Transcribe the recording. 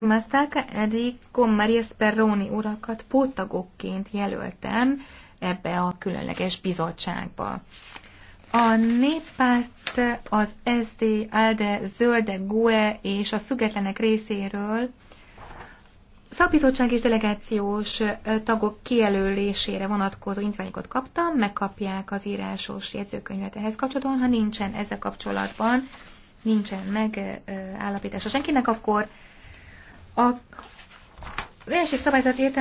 megfogalmazták, Enrico Maria Sperroni urakat póttagokként jelöltem ebbe a különleges bizottságba. A néppárt az SD, ALDE, Zölde, GUE és a függetlenek részéről szabizottság és delegációs tagok kijelölésére vonatkozó intványokat kaptam, megkapják az írásos jegyzőkönyvet ehhez kapcsolatban, ha nincsen ezzel kapcsolatban, nincsen megállapítása senkinek, akkor a verseny szabályzat értelmében